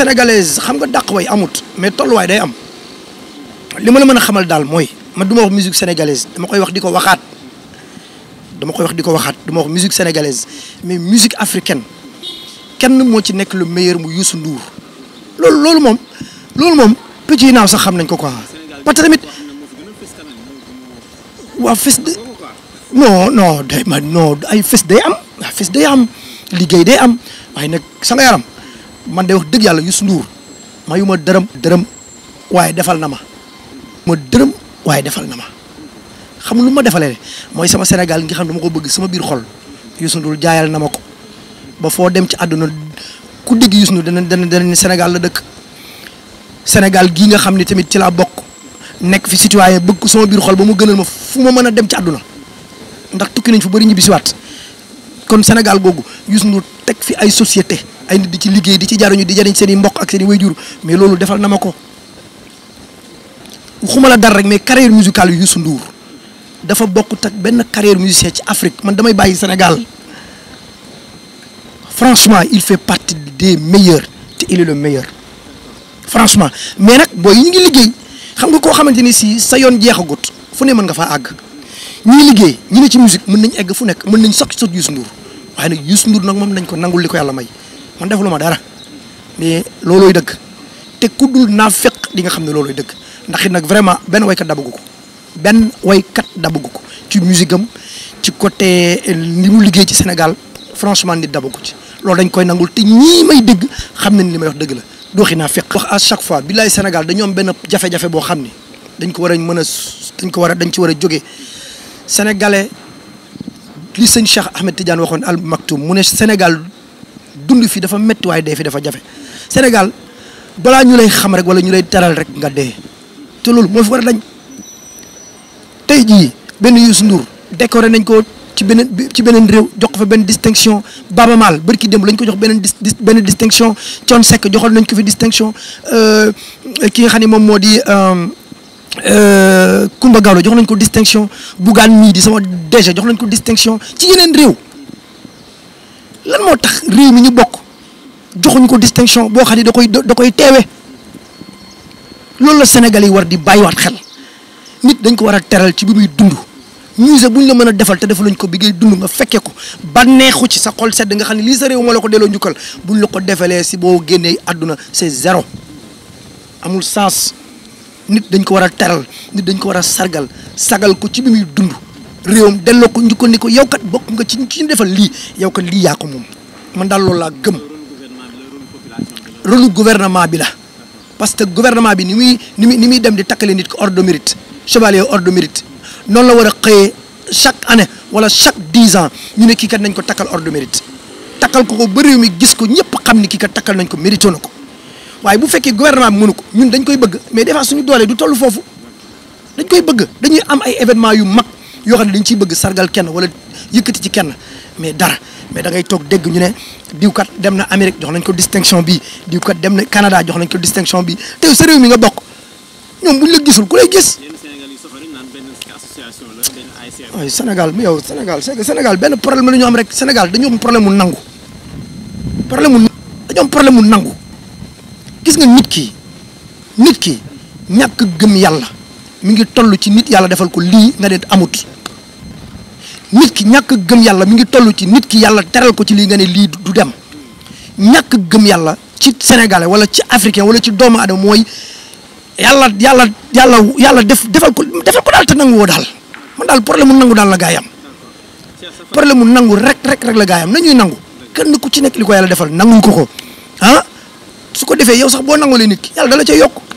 sénégalaise xam nga dàq way amut mais tolluwaay day am li ma la mën a xamal daal mooy ma du ma wax musique sénégalaise dama koy wax di ko waxaat dama koy wax di ko waxaat du ma wax musique sénégalaise mais musique africaine kenn moo ci nekk lu meilleur mu Youssou nduur loolu loolu moom loolu moom picc yi naaw sax xam nañ ko quoi parce que tamit waa fis de non non day ma non ay fes day am waa fes day am liggéey day am waaye nag sa yaram man day wax deug yalla yu sundur mayuma deureum deureum waye defal nama ma deureum waye defal nama xam lu ma defalee moy sama senegal nga xam dama ko bëgg sama bir xol yu sundur jaayal nama ko ba fo dem ci aduna ku dégg yu sundur dana dana dana senegal la dekk Senegal gi nga xam cila tamit ci la bok nek fi citoyen bëgg sama bir xol ba mu gënal ma fu ma mëna dem ci aduna ndax tukki nañ fu ñibisi wat kon senegal gogu Youssou Ndour fi ay société ay nit di ci liggéey di ci jariñu di jariñ seen i mbokk ak seen wayjur mais loolu defal na ma ko waxuma la dara rek mais carrière musicale yu Youssou Ndour dafa bokkut ak benn carrière musicien ci Afrique man damay bàyyi Sénégal franchement il fait partie des meilleurs te il est le meilleur franchement mais nag booy yi ñu ngi liggéey xam nga koo xamante ni si sa yoon jeexagut fu ne mën nga faa àgg ñii liggéey ñi ne ci musique mën nañ egg fu nekk mën nañ sokki sot Youssou Ndour waaye nag Youssou Ndour nag moom nañ ko nangul li ko may man defuluma dara ni loloy deug te kudul nafiq di nga xamne loloy deug ndax nak ben vraiment benn waykat dabagu ko benn waykat dabagu ko ci musique am ci côté eh, li mu liggéey ci Sénégal franchement nit dabagu ci lolou dañ koy nangul te ñi may deug xamne ni may wax deug la doxi naa feq wax à chaque fois billahi Sénégal dañu am ben jafe-jafe bo xamni dañ ko wara mëna dañ ko wara dañ ci wara joggé sénégalais li seigne Cheikh Ahmed Tidiane waxone al maktoum mune Senegal Sénégal dund fi dafa métti waaye dee fi dafa jafe Sénégal balaa ñu lay xam rek wala ñu lay teral rek nga dee te loolu moo fi war a dañ tey jii benn Youssou Ndour décoré nañ ko ci beneen ci beneen jox fa benn distinction Baba Maal barki démb lañ ko jox beneen dis benn distinction Thione Seck joxoon nañ ko fi distinction euh, ki nga xam ne moom moo di Kumba euh, euh, Gawlo jox nañ ko distinction Bougane mii di sama DG jox nañ ko distinction ci yeneen réew. lan moo tax réew mi ñu bokk joxuñ ko distinction boo xam ne da koy da koy teewe loolu la Sénégal yi war di bàyyiwaat xel nit dañ ko war a teral ci bi muy dund musée bu ñu la mën a defal te defaluñ ko bi dund nga fekkee ko ba neexu ci sa xol sedd nga xam ne lii sa réew moo la ko delloo njukkal buñ la ko defalee si boo génnee àdduna c'est zéro amul sens nit dañ ko war a teral dañ ko war a sargal sagal ko ci bi muy dund réewam delloo ko njukkoon ni ko yow kat bokk nga ci ci ñu defal lii yow kat lii yaa ko man daal loolu laa gëm rôle gouvernement bi la parce que gouvernement bi ni mu ni muy ni muy dem di takkale nit ko ordre de mérite chevalier ordre de mérite noonu la war a xëyee chaque année wala chaque dix ans ñu ne kii kat nañ ko takkal ordre de mérite takkal ko ko ba réew mi gis ko ñëpp xam ni kii kat takkal nañ ko mérité na ko waaye bu fekkee gouvernement bi mënu ko ñun dañ koy bëgg mais des suñu doole du toll foofu dañ koy bëgg dañuy am ay événement yu mag. yo xam dañ ci bëgg sargal kenn wala yëkëti ci kenn mais dara mais da ngay tok dégg ñu né diw kat dem na Amérique jox nañ ko distinction bi diw kat dem na Canada jox nañ ko distinction bi té yow sa réew mi nga bok ñom buñ la gisul ku lay gis. ay Sénégal yow Sénégal Sénégal ben problème ñu am rek Sénégal dañu am problème mu nangu problème mu dañu am problème mu nangu gis nga nit ki nit ki ñak gëm yalla mi ngi tollu ci nit yàlla defal ko lii nga ne amut nit ki ñàkk gëm yàlla mu ngi toll ci nit ki yàlla teral ko ci lii nga ne lii du dem ñàkk gëm yàlla ci sénégalais wala ci africain wala ci doomu adama mooy yàlla yàlla yàlla yàlla def defal ko defal ko daal te nangu woo daal man daal problème mu nangu daal la gaayam problème mu nangu rek rek rek la gaayam ñuy nangu kenn ku ci nekk li ko yàlla defal nanguñ ko ko ah su ko defee yow sax boo nangoo lee nit ki yàlla dala ca yokk